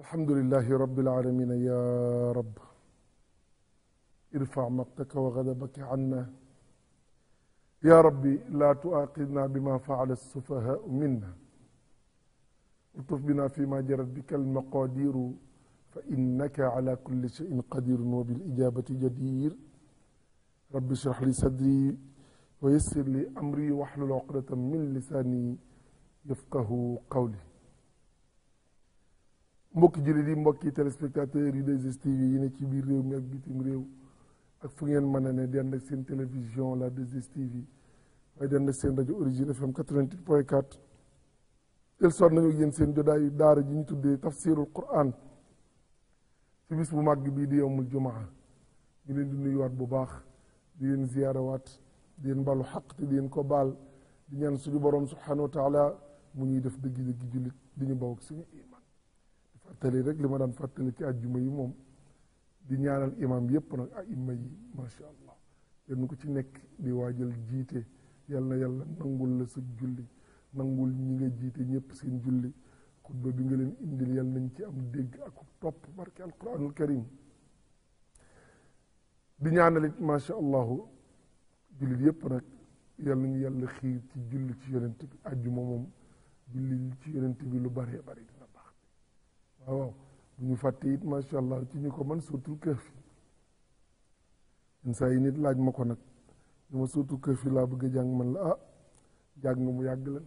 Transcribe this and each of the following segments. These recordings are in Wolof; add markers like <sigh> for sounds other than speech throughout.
alhamdulillahi rabbil aalamiina yaa rab irfa maqtaka wa gadabaka anna yaa rabbi laa tuaaxidnaa bimaa faala sufahaau minna utuf binaa fiimaa jarat bika almaqaadiiru fa innaka ala kulli cheyin qadirun wa bil ijabati jadir rabbi shrah li sadri wa yassir li amri la uqdatan min lisaani yafqahu qawli mbokki jullit yi mbokki téléspectateurs yi 2STV yi ne ci biir réew mi ak bitim réew ak fu ngeen mën a ne di ànd seen télévision la 2STV waaye di ànd seen rajo origine fm 88 point 4 del soir nañu yéen seen jodaayu daara ji ñu tuddee tafsirul quran ci bis bu màgg bii di yowmul jumaa ñu leen di nuyuwaat bu baax di leen ziyaarawaat di leen balu xaq te di leen ko baal du ñaan suñu borom subhanahu wa taala mu ñuy def dëgg dëgg jullit di ñu baw ak suñu iman di rek li ma daan fàttali ci àjjuma yi moom di ñaanal imam yépp nag aima yi macha allah kenn ko ci nekk di waajal jiite yal na yàlla nangul la sa julli nangul ñi nga jiite ñëpp seen julli xutba bi nga leen indil yal nañ ci am dégg ak topp barke alquranul karim di ñaanalit macha allahu jullit yépp nag yal nañu yàlla xiir ci julli ci yonent bi moom julli ci yonent bi lu baree bari dina baax bu ñu fàtte it macha ci ñu ko man suutul këf yi saa yi laaj ma ko nag ñu ma suutul këf laa bëgg jàng man la ah jàng mu yàgg la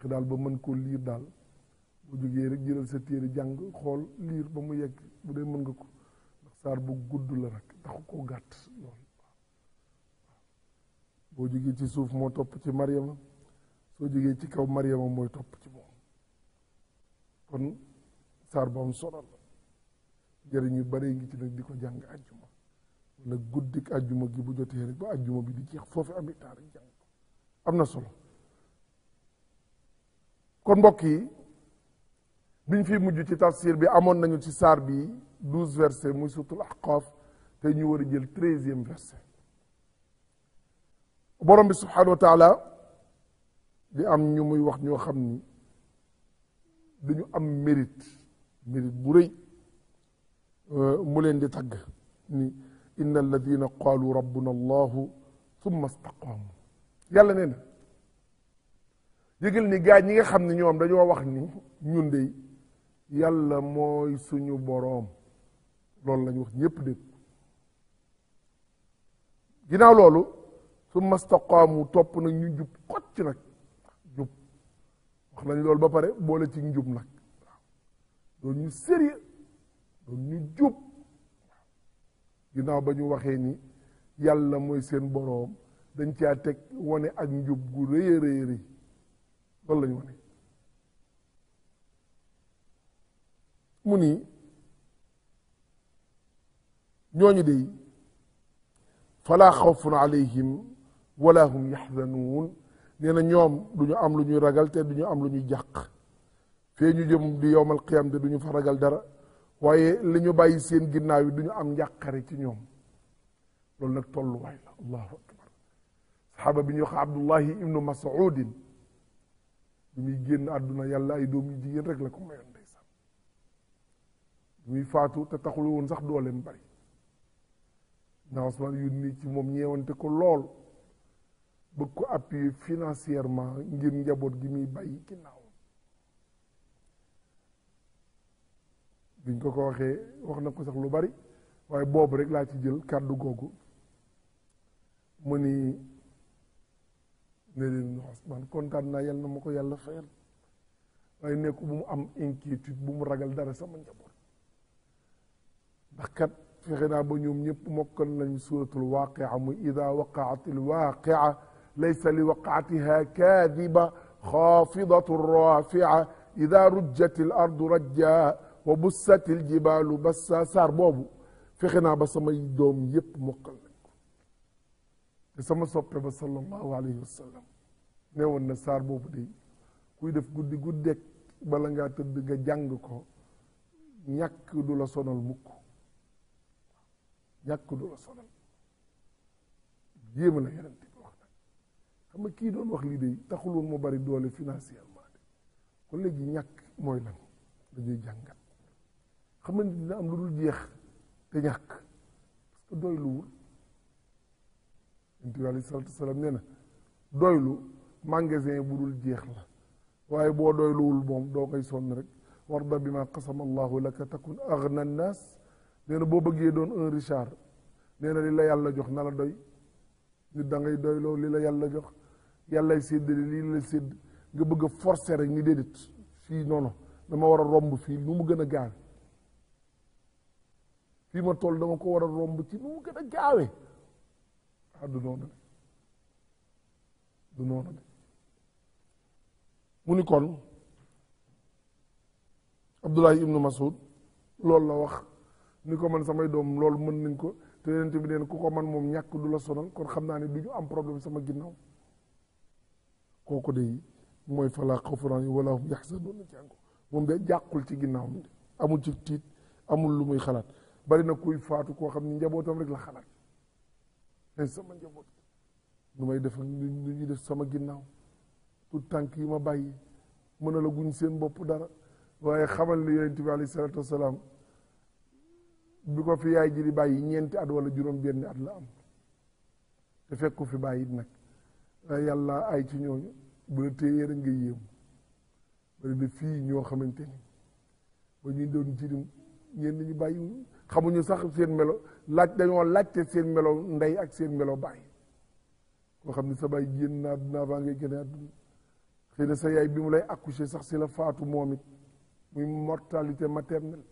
fexe daal ba mën koo liir daal boo jógee rek jëlal sa téere jàng xool liir ba mu yegg bu dee mën nga ko ndax saar bu gudd la rek taxu koo gàtt lool boo jógee ci suuf moo topp ci Mariama soo jógee ci kaw Mariama mooy topp ci moom kon saar bu am solo la yu bare ngi ci nag di ko jàng ajjuma wala guddik ajjuma gi bu jotee rek ba ajjuma bi di jeex foofu am itaa rek jàng am na solo kon mbokk yi biñ fi mujj ci tafsir bi amoon nañu ci saar bi dose versets muy sutul Ahqaaf te ñu war a jël treizième verset borom bi subhanahu wa taala am ñu muy wax ñoo xam ni dañu am mérite mérite bu rëy euh, mu leen di tagg ni inna alladina qaalu rabbuna allahu thumma istaqaamu yàlla nee na yëgal ni gaa ñi nga xam ne ñoom dañoo wax ni ñun de yàlla mooy suñu boroom loolu lañu wax ñépp dégg ginnaaw loolu su mastaqaamu topp nag ñu jub xocc nag jub wax nañ loolu ba pare boole ci njub nag doon ñu sérieux doon ñu jub ginnaaw ba ñu waxee ni yàlla mooy seen boroom dañ caa teg wone ak njub gu rëy a rëy loolu lañu wane mu nii ñooñu dey falaa xawfun alayhim wala hum yaxzanuun nee ñoom du ñu am lu ñuy ragal te du ñu am lu ñuy jàq fee ñu jëm di yowmal qiyaam te du ñu fa ragal dara waaye li ñu bayi seen ginnaaw yi du ñu am njàqare ci ñoom loolu nag tolluwaay la allahu akbar saxaaba bi ñuy wax abdullahi ibnu masudin bi muy génn àdduna yàlla ay doom yu jigéen rek la ko mayoon ndeysaan bi muy faatu te taxul woon sax dooleem bari ndax Usmaan yónni ci moom ñeewante ko lool bëgg ko appuyer financièrement ngir njaboot gi muy bàyyi ginnaaw biñ ko ko waxee wax na ko sax lu bari waaye boobu rek laa ci jël kàddu googu mu ni Medina Ousmane kontaan naa yàlla na ma ko yàlla fayal waaye nekk bu mu am inquiétude bu mu ragal dara sama njaboot ndax kat fexe naa ba ñoom ñëpp mokkal nañ suratul waaqia muy ida waqaati lwaqia laysa li waqaatiha kaadiba xaafidatu rafia ida rujjat l ardu rajja wa bussat l jibaalu bassa saar boobu fexe naa ba samay doom yëpp mokkal na sama soppe ba sallallahu alayhi wa sallam nee woon na saar boobu de kuy def guddi guddeeg bala ngaa tëdd nga jàng ko ñàkk du la sonal mukk ñàkk du la sonal jéem la yeneen bi wax nag xam nga kii doon wax lii de taxul mu bari doole financièrement de kon léegi ñàkk mooy lan dañuy jàngat xam nga dina am lu dul jeex te ñàkk parce doy luwul yonent bi aleyhi salaatu wasalaam nee na doylu magasin bu dul jeex la waaye boo doyluwul moom doo koy sonn rek war ba bi ma qasama allahu laka takun agna naas nee na boo bëggee doon un richard nee na li la yàlla jox na la doy nit da doyloo li la yàlla jox yàllay séddali li la sédd nga bëgg a forcer rek ni déedéet fii noonu dama war a romb fii nu mu gën a gaawe fii ma tool dama ko war a romb ci nu mu gën a gaawe ah du noonu de du noonu de mu ni kon Abdullahi ibnu Masud loolu la wax ni ko man samay doom loolu mën nañ ko te yonent bi neen ku ko man moom ñàkk du la sonal kon xam naa ne du ñu am problème sama ginnaaw kooku de mooy falaa xawfun alayhim wa laa hum yaxzanuun jàngu moom de jàqul ci ginnaaw mi amul ci tiit amul lu muy xalaat bari na kuy faatu koo xam ni njabootam rek la xalaat ay sama njaboot nu may def nu ñuy def sama ginnaaw tout tànk yi ma bàyyi mën a la guñ seen bopp dara waaye xamal ne yonent bi alayhi salaatu wasalaam yaay ji di bàyyi ñeenti at wala juróom-benni at la am te fekk ko fi bàyyi nag yàlla ay ci ñooñu bu la téyee rek nga yéem bari na fii ñoo xamante ni ba ñu doon jirim ñenn ñu bàyyi xamuñu sax seen melo laaj dañoo laajte seen melo ndey ak seen melo baay koo xam ne sa baay génn na àdduna avant ngay génne àdduna xëy sa yaay bi mu lay accoucher sax si la faatu moom it muy mortalité maternelle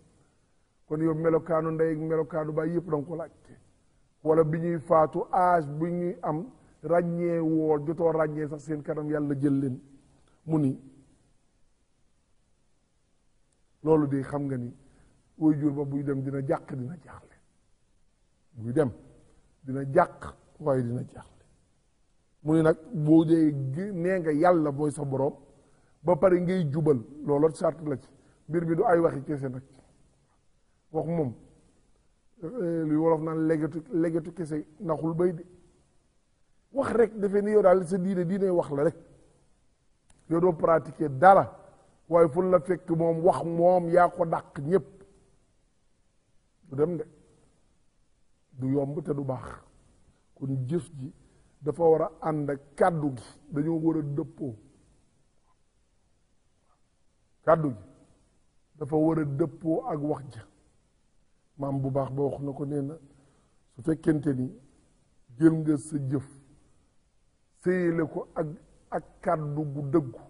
kon yow melokaanu ndey ak melokaanu baay yëpp danga ko laajte wala bi ñuy faatu âge bi ñuy am ràññee woo jotoo ràññee sax seen kanam yàlla jël leen mu ni loolu de xam nga ni way jur ba buy dem dina jàq dina la buy dem dina jàq waaye dina jaaxle mu ne nag boo dee nee nga yàlla mooy sa boroom ba pare ngay jubal looloo sart la ci mbir mi du ay waxi kese nag wax moom eh, luy wolof naan legetu legetu kese naxul bay de wax rek defe ni yow daal sa diine diine wax la rek yow doo pratiquer dara waaye fu la fekk moom wax moom yaa ko dàq ñépp du dem de du yomb te du baax kon jëf ji dafa war a ànd ak kàddu gi dañoo war a dëppoo kàddu gi dafa war a dëppoo ak wax ja maam bu baax ba wax na ko nee na su fekkente ni jël nga sa jëf séyale ko ak ak kàddu gu dëggu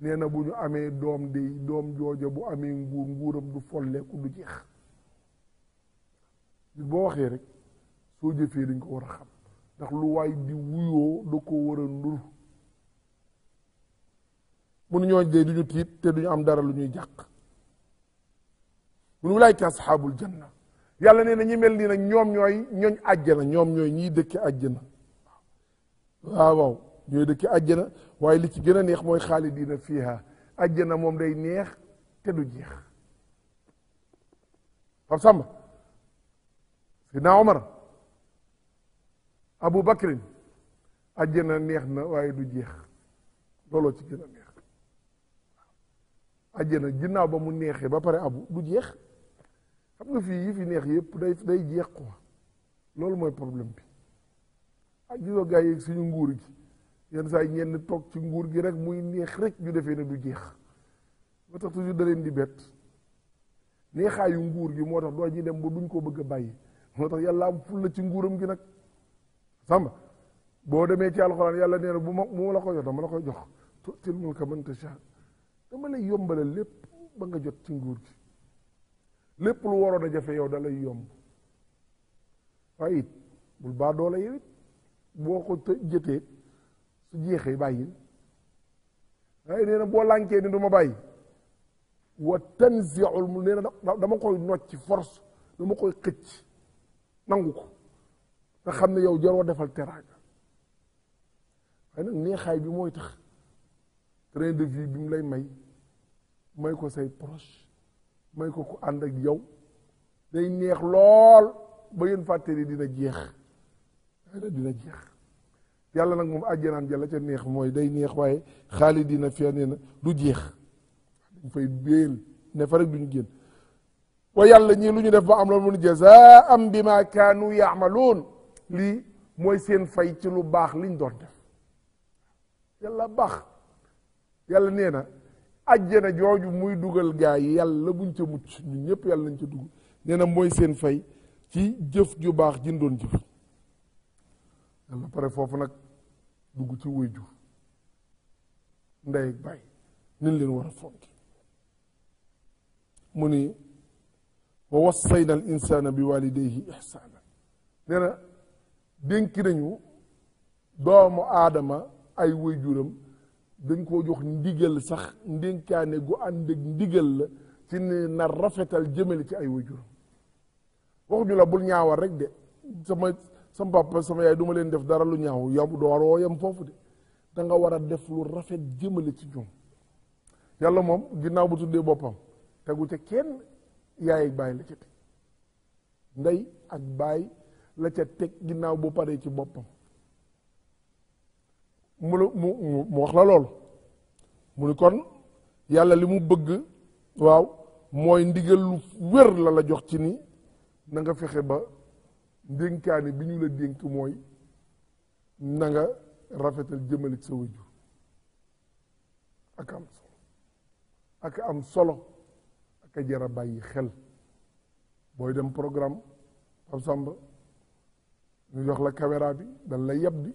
nee na bu ñu amee doom de doom jooja bu amee nguur nguuram du folleeku du jeex boo waxee rek soo jëfee dañ ko war a xam ndax lu waay di wuyoo da ko war a nuru munu ñoo dee du ñu tiit te du ñu am dara lu ñuy jàq munu lay ka asxaabul janna yàlla nee na mel nii nag ñoom ñooy ñooñ àjjana ñoom ñooy ñiy dëkki àjjana waaw waaw ñooy dëkki àjjana waaye li ci gën a neex mooy xaalidiina fiiha àjjana moom day neex te du jeex sidna omar abu bakrin àjjana neex na waaye du jeex looloo ci gën a neex àjjana ginnaaw ba mu neexee ba pare abu du jeex xam nga fii yi fi neex yëpp day day jeex quoi loolu mooy problème bi ah, ak gisoo gaa yi suñu nguur gi yenn saa yi ñenn toog ci nguur gi rek muy neex rek ñu defee ne du jeex moo tax toujours da leen di bett neexaayu nguur gi moo tax doo ñuy dem ba duñ ko bëgg a bàyyi moo tax yàlla am ful la ci nguuram gi nag samba boo demee ci yàlla nee na bu ma mu la ko jox la koy jox tu'til mulka man tashaa dama lay yombalal lépp ba nga jot ci nguur gi lépp lu waroon yow da lay yomb waaye it bul boo ko jëtee su jeexee bàyyi waaye nee na boo lànkee ni du ma bàyyi wa tanziul mu nee na dama koy nocc force dama koy xëcc nangu ko nga xam ne yow jaroo defal teraanga waaye nag neexaay bi mooy tax train de vie bi mu lay may may ko say proche may ko ko ànd ak yow day neex lool ba yéen fàttali dina jeex dina jeex yàlla nag moom àjjanaan ja la ca neex mooy day neex waaye xaalis dina fee nee na du jeex dañ fay béel ne fa rek duñu génn wa yàlla ñii lu ñu def ba am loolu mun jazaam bi ma kaanu yaamaluun lii mooy seen fay ci lu baax liñ doon def yàlla baax yàlla nee na ajjana jooju muy dugal gaa yi yàlla buñ ca mucc ñun ñëpp yàlla nañ ca dugg nee mooy seen fay ci jëf ju baax jin doon jëf yàlla pare foofu nag dugg ci wéju ndey ak bàyyi nin leen war a font mu ni wa wassayna al insaana bi walidayhi ihsaana nee na dénk nañu doomu aadama ay waajuram dañ koo jox ndigal sax ndénkaane gu ànd ak ndigal la ci ne na rafetal jëmale ci ay waajuram waxuñu la bul ñaawal rek de sama sama papa sama yaay du leen def dara lu ñaaw yow doo war woo yem foofu de danga war a def lu rafet jëmale ci ñoom yàlla moom ginnaaw bu tuddee boppam tegu ca kenn yaay ak baay la ca teg ndey ak baay la ca teg ginnaaw bu paree ci boppam mu la mu mu wax la lool mu ni kon yàlla li mu bëgg waaw mooy ndigal lu wér la la jox ci ni na nga fexe ba ndénkaane bi ñu la dénk mooy na nga rafetal jëmale sa wajur ak am solo ak am solo ak a jar a bàyyi xel booy dem programme ab samba ñu jox la caméra bi dan la yeb bi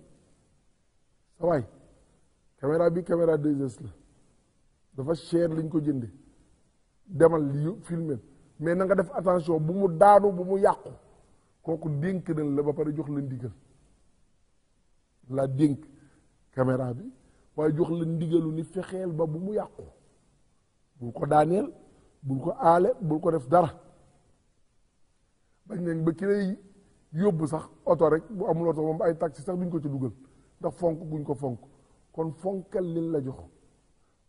sa bi caméra 2S la dafa cher liñ ko jënde demal li filmer mais na nga def attention bu mu daanu bu mu yàqu kooku dénk nañ la ba pare jox la ndigal la dénk caméra bi waaye jox la ndigalu ni fexeel ba bu mu yàqu bu ko daaneel bul ko aale bul ko def dara bañ nañ ba ki lay yóbbu sax oto rek bu amul oto moom ay taxi sax duñ ko ci dugal ndax fonk guñ ko fonk kon fonkal liñ la jox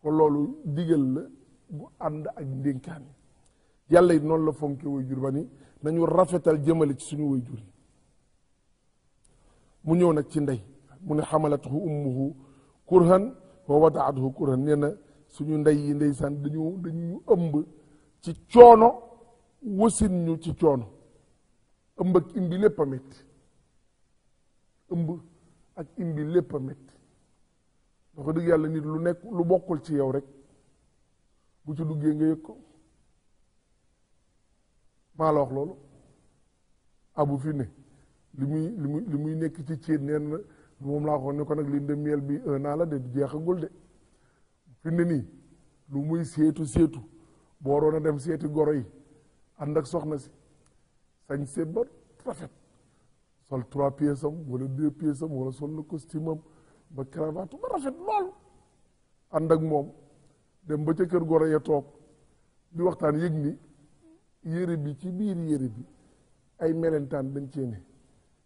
kon loolu digal la bu ànd ak ndénkaan yàlla it noonu la fonke way jur ba ni nañu rafetal jëmale ci suñu way jur mu ñëw nag ci ndey mu ne xamalatuhu ummuhu kurhan wa wadaatuhu kurhan nee na suñu ndey yi ndeysaan dañu dañu ëmb ci coono wasin ñu ci coono ëmb ak imbi lépp a ëmb ak imbi lépp a métti dafa dëgg yàlla nit lu nekk lu bokkul ci yow rek bu ci duggee nga yëg ko maa la wax loolu abu fi li muy li muy nekk ci céet neen na moom laa xool ne ko nag li de miel bi un an la de jeexagul de fi nii lu muy seetu seetu boo waroon a dem seeti goro yi ànd ak soxna si sañ se ba rafet sol trois pièces am wala deux pièces sol na costume am ba cravate ba rafet lool ànd ak moom dem ba ca kër goro ya toog di waxtaan yëg ni yére bi ci biir yére bi ay melentaan dañ cee ne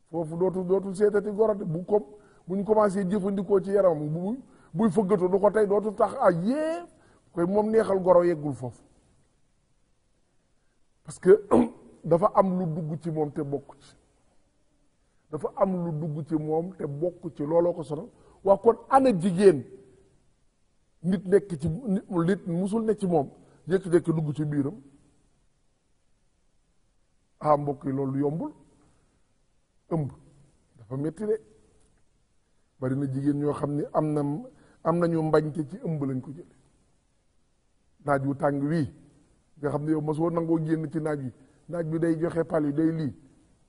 foofu dootu dootul seetati goro de bu kom buñ ñu commencé jëfandikoo ci yaramam bu buy fëggatoo du ko tey tax ah yée koy moom neexal goro yeggul foofu parce que <clears throat> dafa am lu dugg ci moom te bokku ci dafa am lu dugg ci moom te bokk ci looloo ko sonal waa kon ana jigéen nit nekk ci nit musul nekk ci moom jékki-jékki dugg ci biiram ah mbokk yi loolu yombul ëmb dafa metti de bari na jigéen ñoo xam ni am na am nañu mbañte ci ëmb lañ ko jële naaj wu tàng wii nga xam ne yow mosoo nangoo génn ci naaj bi naaj bi day joxe pal yi day lii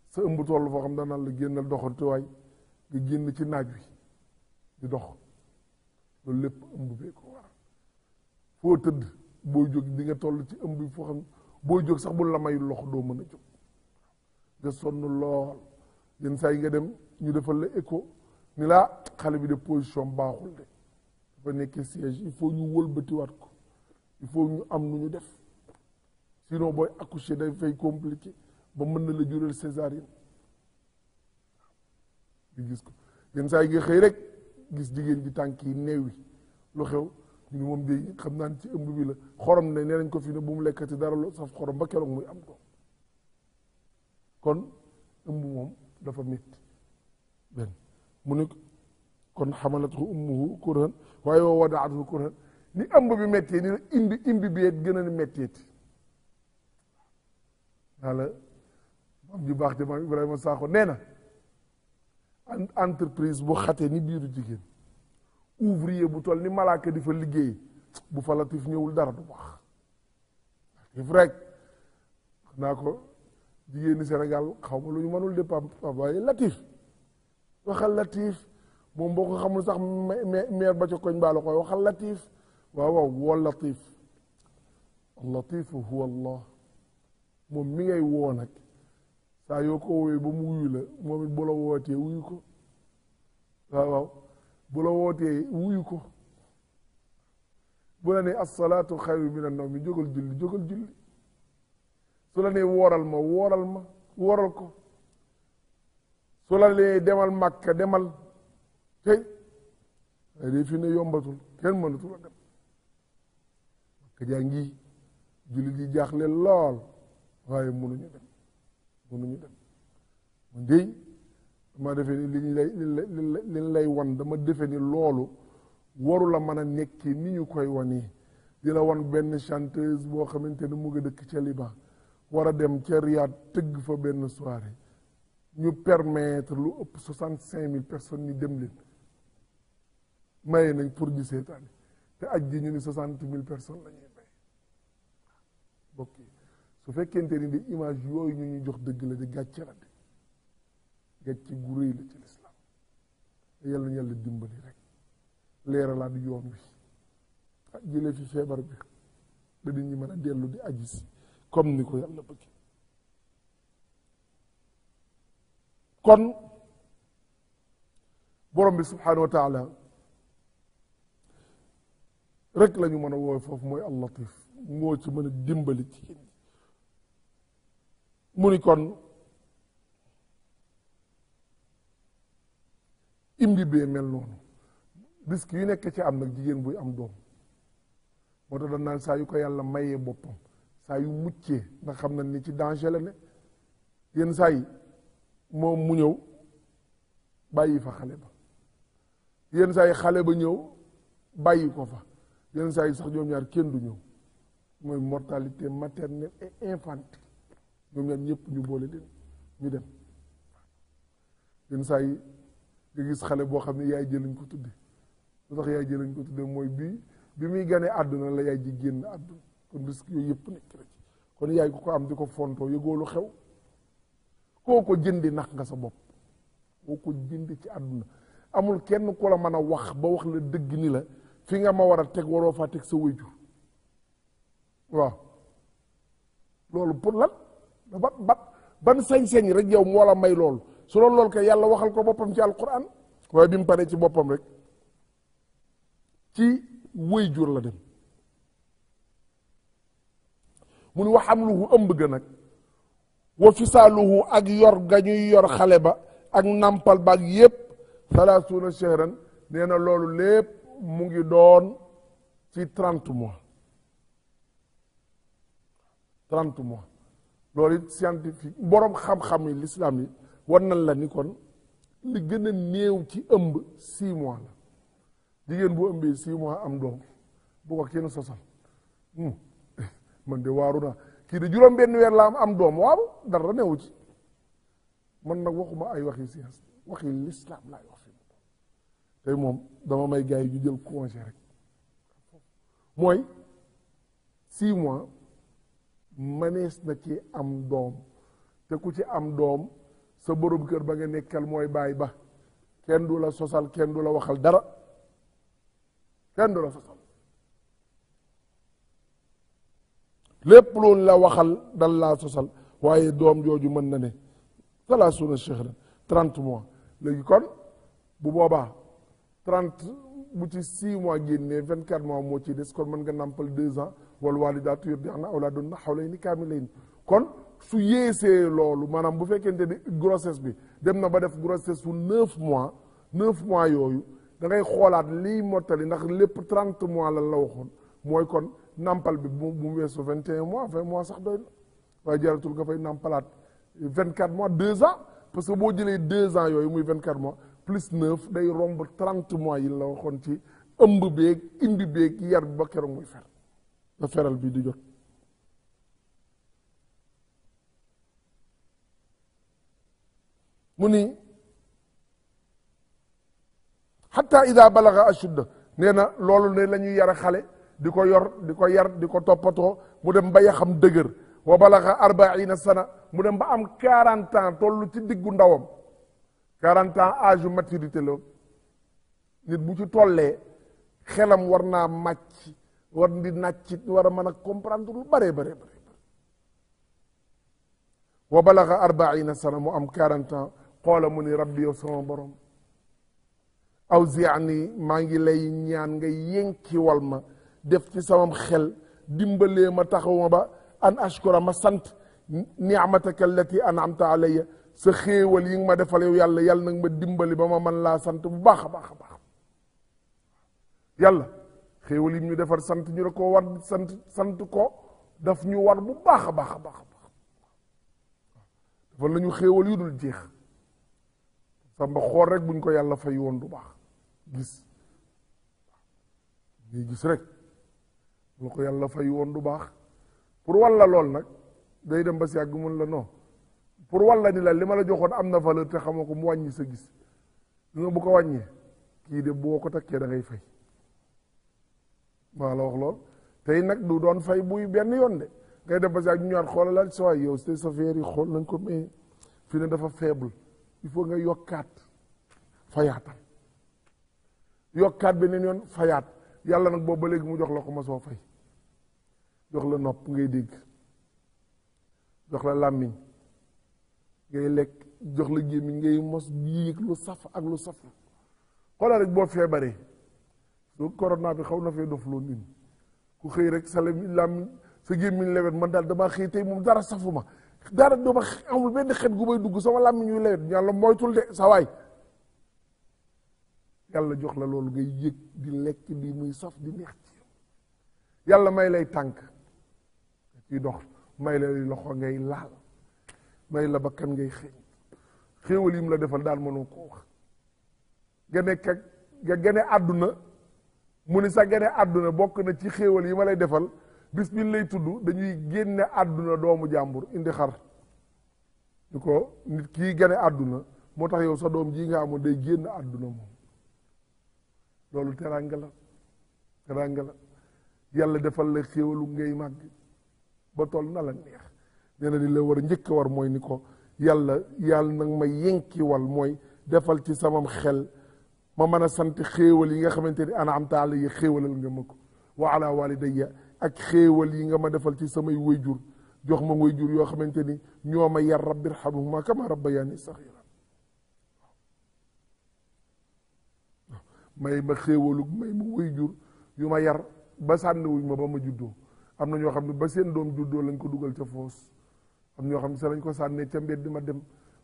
sa ëmb toll foo xam danaan la génn génnal doxantuwaay nga génn ci naaj wi di dox loolu lépp ëmb bee ko waral foo tëdd boo jóg di nga toll ci ëmb bi foo xam boo jóg sax bu la mayul loxo doo mën a jóg nga sonn lool yenn saa yi nga dem ñu defal la écho ni xale bi de position baaxul de dafa nekkee siège il faut ñu wëlbatiwaat ko il faut ñu am nu ñu def sinon booy accoucher day fay compliqué ba mën na la jural césarienne ñu gis ko yenn saa yi xëy rek gis jigéen ji tànk yi néew yi lu xew ñu ngi moom day xam naan ci ëmb bi la xorom ne nee nañ ko fi ne bu dara lu saf xorom ba keroog muy am ko kon ëmb moom dafa métti benn mu ne kon xamalathu ummuhu kurhan waaye woo wadaathu kurhan ni ëmb bi méttee ni imbi imbi bi gën a métteeti naa la am ju baax jamaam Ibrahima Sakho nee na entreprise bu xatee ni biiru jigéen ouvrier bu toll ni malaaka di fa liggéey bu fa latif ñëwul dara du baax latif rek naa ko jigéeni Sénégal xaw ma lu ñu mënul de pap waaye latif waxal latif moom boo ko xamul sax maire ba ca koñ baa koy waxal latif waaw waaw woo latif latifu huwa allah moom mi ngay woo nag saa yoo ko woowee ba mu wuyu la moom it bu la wootee wuyu ko waaw waaw bu la wootee wuyu ko bu la ne asalaatu xayru min an nawmi jógal julli jógal julli su la wooral ma wooral ma wooral ko su la demal màkka demal tey ay dee fi ne yombatul kenn mënatul a dem màkka jaa ngi julli di jaaxle lool waaye munuñu dem munuñu dem mu ndéy dama defe ni liñ lay liñ lay wan dama defe ni loolu waru la mën a nekki ni ñu koy wani di la wan benn chanteuse boo xamante ni mu ngi dëkk ca Liban war a dem ca Riyad tëgg fa benn soirée ñu permettre lu ëpp soixante cinq mille personnes ñu dem li maye nañ pour ñu seetaani te aj ji ñu ni soixante mille personne lañuy ñuy su fekkente ni di image yooyu ñu ñu jox dëgg la di gàcce la de gàcce gu rëy la ci lislaam yàlla na yàlla dimbali rek leeralaat yoon wi ah fi feebar bi ba nit ñi mën a dellu di aji si comme ni ko yàlla bëgg kon borom bi subhanahu wa rek la mën a woowe foofu mooy al latif moo ci mën a dimbali ci mu ni kon imbi bee mel noonu risque yi nekk ci am nag jigéen buy am doom moo tax dañ naan saa yu ko yàlla mayee boppam saa yu muccee ndax xam na ni ci danger la ne yenn saa yi moom mu ñëw bàyyi fa xale ba yenn saa yi xale ba ñëw bàyyi ko fa yenn saa yi sax ñoom ñaar kenn du ñëw mooy mortalité maternelle et infantile ñoom ñaar ñëpp ñu boole leen ñu dem yenn saa yi nga gis xale boo xam ne yaay jël lañ ko tudde lu tax yaay jël lañ ko tudde mooy bii bi muy ganee àdduna la yaay ji génn àdduna kon risque yooyu yëpp nekk na ci kon yaay ku ko am di ko fontoo yëgoolu xew koo ko jëndi nax nga sa bopp koo ko jëndi ci àdduna amul kenn ku la mën a wax ba wax la dëgg ni la fi nga ma war a teg waroo faa teg sa wéjur waaw loolu pour lan ba ba ban sañ-sañ rek yow moo la may lool su loolu loolu kay yàlla waxal ko boppam ci alquran waaye bi mu paree ci boppam rek ci wëy jur la dem mu ni wax am luhu ëmb ga nag wa fisaaluhu ak yor ga ñuy yor xale ba ak nàmpal ba ak yépp salaasuuna nee na loolu lépp mu ngi doon ci trente trente mois loolu it scientifique borom xam-xam yi l'islam yi wan nañ la ni kon li gën ci ëmb six mois la jigéen bu ëmbee six mois am doom bu ko kenn sosal hmm. <laughs> man de waaru naa kii de juróom benn weer la am doom waaw dara newu ci man nag waxuma ay waxi science waxi l'islam laay wax fi tey moom dama may gars yi ñu jël congé mooy six mois mënees na ci am doom te ku ci am doom sa borom kër ba nga nekkal mooy baay ba kenn du la sosal kenn du la waxal dara kenn du la sosal lépp loolu la waxal dal laa sosal waaye doom jooju mën na ne salaasuna shahran trent mois léegi kon bu boobaa trente bu ci six mois génnee vingt quatre mois moo ci des kon mën nga nàmpal deux ans wal walidaatu yurdi'na awlaadahunna hawlayni kaamilayni kon su yéesee loolu maanaam bu fekkente ne grossesse bi dem na ba def grossesse su neuf mois neuf mois yooyu da ngay xoolaat liy mottali ndax lépp trente mois la waxoon mooy kon nampal bi bu mu weesu vingt mois vingt sax doy na nga fay nampalaat vingt quatre mois deux ans parce que boo jëlee deux ans yooyu muy vingt quatre mois plus neuf day romb trente mois yi la waxoon ci ëmb beeg indi beeg yar bi ba keroog muy fer ba feral bi du jot mu ni xatta ida balaga ashudda nee na loolu ne lañuy ñuy xale di ko yor di ko yar di ko toppatoo mu dem ba yaxam dëgër wa balaga arbaina sana mu dem ba am quarante ans tollu ci diggu ndawam quarante ans âge maturité la nit bu ci tollee xelam war naa màcc war di nàccit war a mën a comprendre lu bare bare bare wa balaga arbaina sana mu am quarante ans mu ni rabbi yow sama borom aw ziani maa ngi lay ñaan nga yénki wal ma def ci samam xel dimbalee ma taxaw ba an ashkura ma sant niamataka allati anamta alayya sa xéewal yi nga ma defal yow yàlla yàlla nag ma dimbali ba ma man laa sant bu baax a baax a baax xéewal yim ñu defar sant ñu la ko war sant sant ko daf ñu war bu baax a baax a baax dafa la ñu xéewal yu dul jeex samba xool rek buñ ko yàlla fay woon du baax gis ñuy gis rek bu ko yàlla fay woon du baax pour walla lool nag day dem ba si yàgg mun la non pour walla ni la li ma la joxoon am na valeur te xamoo ko mu wàññi sa gis li nga bu ko wàññee kii de boo ko takkee da ngay fay maa la wax lool tey nag du doon fay buy benn yoon de ngay def ba saa ñu ñëwaat xoolalaat sa waay yow sa affaire yi xool nañ ko mais fi ne dafa faible il faut nga yokkaat fayaatal yokkaat beneen yoon fayaat yàlla nag boobu ba léegi mu jox la ko ma soo fay jox la nopp ngay dégg jox la làmmiñ ngay lekk jox la gémmiñ ngay mos yéeg lu saf ak lu saf xoolal rek boo feebaree soo corona bi xaw na fee dof loo nit ku xëy rek sa làmmiñ sa gémmiñ lewet man daal damaa xëy tey moom dara safuma dara dama xet gu may dugg sama làmmiñ ñuy lewet yàlla moytul yàlla jox la loolu ngay yëg muy saf di neex may lay tànk ci dox may la loxo ngay laal may la bakkan ngay xëy xéewal yi la defal daal mënoo koo wax nga nekk nga gane àdduna mu ni sa gane àdduna bokk na ci xéewal yi ma lay defal bis bi tudd dañuy génne àdduna doomu jàmbur indi xar ñu ko nit kii gane àdduna moo yow sa doom ji nga amoon day génn àdduna moom loolu teraanga la teraanga la yàlla defal la xéewalu ngay màgg ba toll na la neex nee na li la war a njëkk war mooy ni ko yàlla yàlla nag ma yenkiwal mooy defal ci sama xel ma man a sant xéewal yi nga xamante ni anamta ala yi xéewalal nga ma ko wa ala walidayya ak xéewal yi nga ma defal ci samay wayjur jox ma wayjur yoo xamante ni ñoo ma yar rabbi irhamhuma kama rabbayani saxira may ma xéewalug may ma wayjur yu ma yar ba sànniwuñ ma ba ma juddoo am na ñoo xam ne ba seen doom juddoo lañ ko dugal ca foos am ñoo xam ne sa lañ ko sànnee ca mbedd ma dem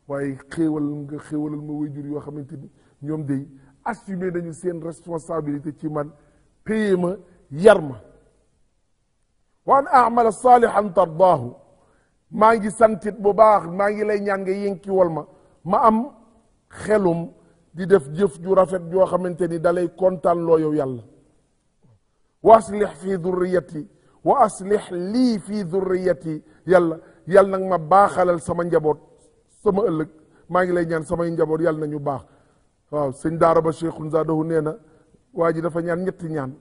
waaye xéewal nga xéewalal ma wayjur yoo xamante ñoom day assumer nañu seen responsabilité ci man paye ma yar ma wa an amala saalihan tardaahu maa ngi santit bu baax maa ngi lay ñaan nga yénki wal ma ma am xelum di def jëf ju rafet joo xamante ni dalay kontaan loo yow yàlla wa aslix fii durriyati wa aslix lii fii durriyati yàlla yàlla nag ma baaxalal sama njaboot sama ëllëg maa ngi lay ñaan samay njaboot yàlla na ñu baax waaw sëñ daara ba cheikhun zaadahu nee na waa ji dafa ñaan ñetti ñaan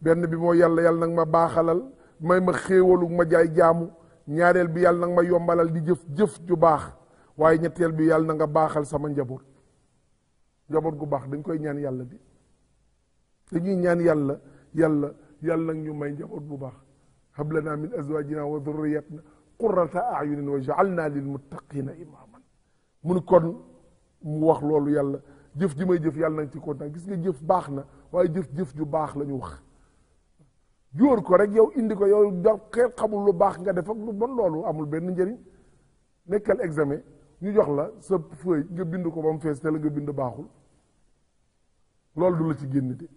benn bi moo yàlla yàlla nag ma baaxalal may ma xéewalu ma jaay jaamu ñaareel bi yàlla nag ma yombalal di jëf jëf ju baax waaye ñetteel bi yàlla na nga baaxal sama njaboot njaboot gu baax dañ koy ñaan yàlla bi dañuy ñaan yàlla yàlla yàlla nag ñu may njaboot bu baax hablana min azwajina wa dhurriyatina qurrata a'yunin waj'alna lil muttaqina imaman mun kon mu wax loolu yàlla jëf ji may jëf yàlla nañ ci kontaan gis nga jëf baax na waaye jëf-jëf ju baax la ñu wax jóor ko rek yow indi ko yow da xeet xamul lu baax nga def ak lu bon loolu amul benn njëriñ nekkal examen ñu jox la sa feuille nga bind ko ba mu fees te la nga bind baaxul loolu du la ci génn de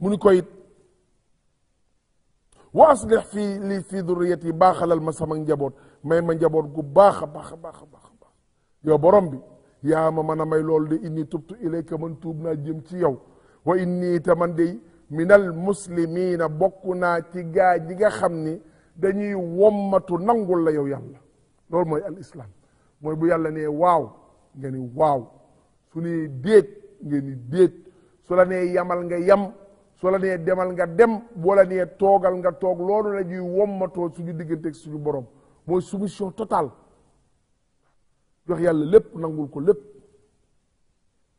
mu ni ko it wa aslix fii li fii duriyati baaxalal ma sama njaboot may ma njaboot gu baax a baax baax a baax yow borom bi yaa ma mën a may loolu de inni tubtu ilayka man tuub naa jëm ci yow wa inni te man de minal muslimiina bokk naa ci gaa ji nga xam ni dañuy wommatu nangul la yow yàlla loolu mooy al islam mooy bu yàlla nee waaw nga ni waaw su nee déet nga ni déet su la nee yamal nga yam su la nee demal nga dem boo la nee toogal nga toog loolu la ñuy wommatoo suñu digganteeg suñu borom mooy soumission totale jox yàlla lépp nangul ko lépp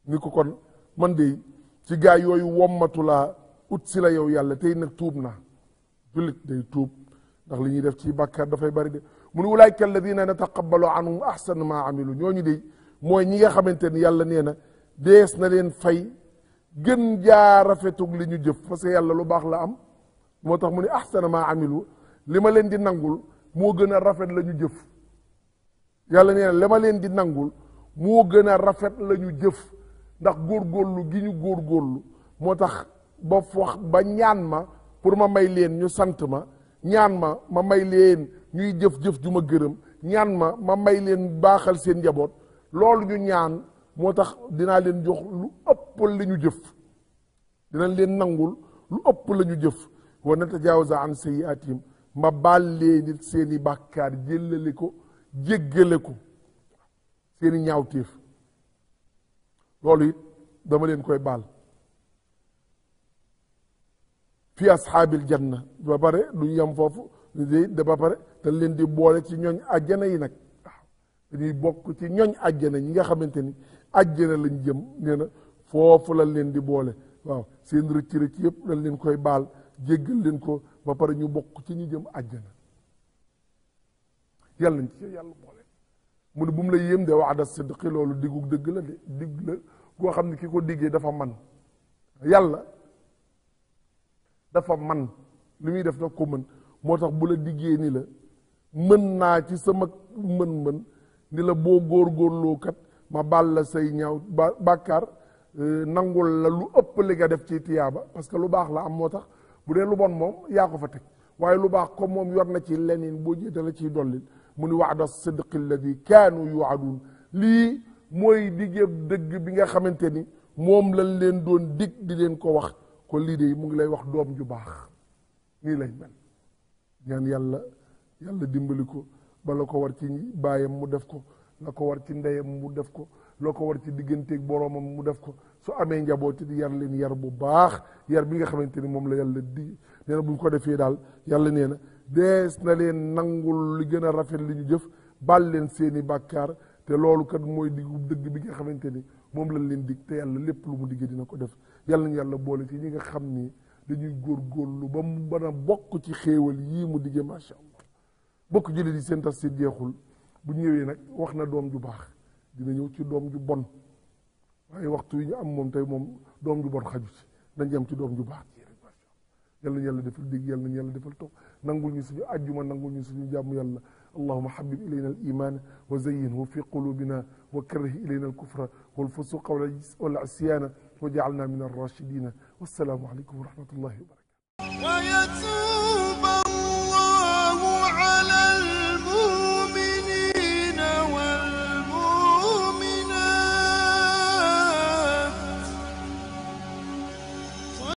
ni ko kon man de ci gaa yooyu wommatu laa ut si la yow yàlla tey nag tuub naa jullit day tuub ndax li ñuy def ci bàkkaar dafay bari de mu ne ulaayka alladina nataqabbalu anhum ahsana ma amilu ñooñu de mooy ñi nga xamante ni yàlla nee na dees na leen fay gën jaa rafetug li ñu jëf parce que yàlla lu baax la am moo tax mu ne ahsana ma amilu li ma leen di nangul moo gën a rafet la ñu jëf yàlla nee na la ma leen di nangul moo gën a rafet la ñu jëf ndax góor góorlu gi ñu góorgóorlu moo tax ba wax ba ñaan ma pour ma may leen ñu sant ma ñaan ma ma may leen ñuy jëf-jëf ju ma gërëm ñaan ma ma may leen baaxal seen njaboot loolu ñu ñaan moo tax dinaa leen jox lu ëpp la ñu jëf dinañ leen nangul lu ëpp la ñu jëf wa natajaawaza an sayyi'aatihim ma baal leen it seen i bàkkaar jëllale ko jéggale ko seeni ñaawteef loolu it dama leen koy baal fi ashaabil janna ba pare du yem foofu da ba pare te leen di boole ci ñooñ àjjana yi nag waaw dañuy bokk ci ñooñ àjjana ñi nga xamante ni àjjana lañ jëm nee na foofu lañ leen di boole waaw seen rëcc rëcc yëpp lañ leen koy baal jéggal leen ko ba pare ñu bokk ci ñu jëm àjjana yàlla nañ ci yàlla boole mu ne bu mu la yéem de wax da sidqi loolu diggu dëgg la de digg la koo xam ne ki ko diggee dafa man yàlla dafa man li muy def nag ko mën moo tax bu la diggee ni la mën naa ci sama mën-mën ni la boo góorgóorloo kat ma baal la say ñaw ba bàkkaar euh, nangul la lu ëpp li nga def ci tiyaaba parce que lu baax la am moo tax bu dee lu bon moom yaa ko fa teg waaye lu baax comme moom yor na ciy leneen boo jiite la ciy dollil mu ni waxda sidq alladi kaanu yuwaadun lii mooy digéeb dëgg bi nga xamante ni moom lañ leen doon dig di leen ko wax ko lii de mu ngi lay wax doom ju baax nii lay mel ñaan yàlla yàlla dimbali ko ba la ko war ci baayam mu def ko la ko war ci ndeyam mu def ko la ko war ci digganteeg boroomam mu def ko su amee njaboot di yar leen yar bu baax yar bi nga xamante ni moom la yàlla di nee na bu ñu ko defee daal yàlla nee na dees na leen nangul li gën a rafet li ñu jëf bal leen seeni bàkkaar te loolu kat mooy diggu dëgg bi nga xamante ni moom lañ leen dig te yàlla lépp lu mu diggee dina ko def yàlla ñu yàlla boole ci ñi nga xam ni dañuy góorgóorlu ba mu mën a bokk ci xéewal yii mu diggee macha allah bokk jullit yi seen si jeexul bu ñu ñëwee nag wax na doom ju baax dina ñëw ci doom ju bon waaye waxtu yi ñu am moom tey moom doom ju bon xaju ci dañ am ci doom ju baax yàlla nañu yàlla defal dégg yàlla nañu yàlla defal toog nangul ñu suñu ajjuma nangul ñu suñu jàmm yàlla allahuma habib ilayna al iman wa zayinhu fi qulubina wa karrih ilayna al kufra wal fusuqa wal asyana wa jaalna min arrachidina wassalaamu aleykum wa rahmatullahi wa barakatu